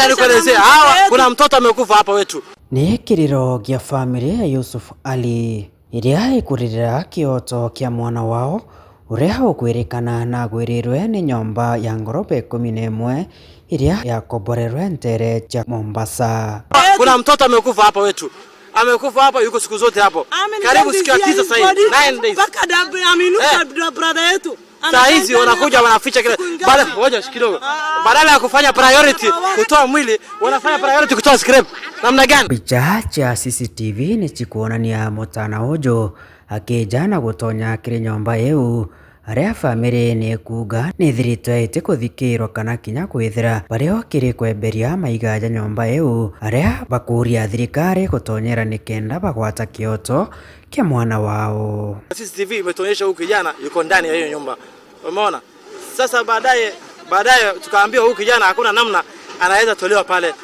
Acha nikuelezee, hawa kuna mtoto amekufa hapa wetu. Ni kiriro gia family ya Yusuf Ali iria ikurira kioto kia mwana wao uria ukwirikana na gwirirwe ni nyomba ya ngorobe ikumi na imwe iria yakomborerwe Ntere cha Mombasa. Kuna mtoto amekufa hapa wetu amekufa hapa, yuko siku zote hapo karibu siku ya tisa sasa hivi, 9 days mpaka aminuka eh. brother yetu saa hizi wanakuja wanaficha kile, baada ngoja kidogo, ah, ah, ah. badala ya kufanya priority kutoa mwili wanafanya priority kutoa scrap. Namna gani? Picha cha CCTV ni chikuona ni ya mutana Ojo akijana kutonya kile nyumba yeu aria bamĩrĩ ni kuuga nĩ thiritũ ĩtĩ kũthikĩrwo kana kinya kwithira barĩa okire kweberia maiganja nyomba ĩu aria bakũria thirikari gũtonyera ni kenda bagwata kioto kia mwana wao. CCTV imetuonyesha huyu kijana yuko ndani ya hiyo nyumba, umeona. Sasa baadaye baadaye tukaambia huyu kijana hakuna namna, anaweza tolewa pale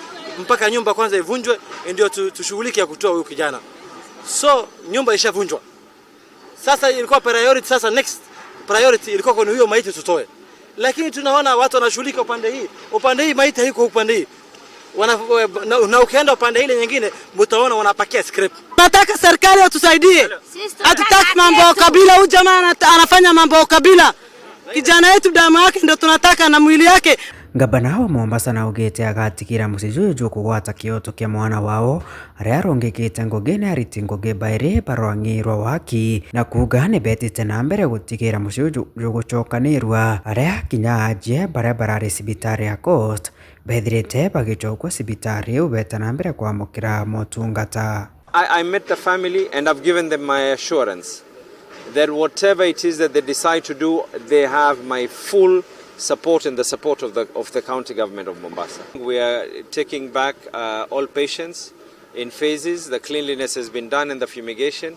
mpaka nyumba kwanza ivunjwe, ndio tushughulike ya kutoa huyu kijana. So nyumba ishavunjwa, sasa ilikuwa priority sasa next priority ilikuwa kwenye huyo maiti tutoe, lakini tunaona watu wanashughulika upande hii, upande hii maiti haiko upande hii wana, na, na ukienda upande ile nyingine mtaona wanapakia script. Nataka serikali atusaidie, hatutaki mambo ya kabila. Huyu jamaa anafanya mambo ya kabila, kijana yetu damu yake ndio tunataka na mwili yake. Ngabana wa Mombasa naugite agatigĩra mũciĩ Juju kũgwata kioto kia mwana wao aria arũngĩkĩte ngũgĩ na arĩti ngũgĩ bairĩ barwanyi rwa waki na kuga nĩbetĩte na mbere gũtigĩra mũciĩ Juju gũcokanĩrwa aria kinya ajie barabara barari sibitari ya Coast bethirĩte bagĩcokwo cibitarĩ ĩu beta na mbere kwamũkĩra motungata I, I met the family and I've given them my assurance that whatever it is that they decide to do they have my full support and the support of the, of the county government of Mombasa. We are taking back uh, all patients in phases. The cleanliness has been done and the fumigation.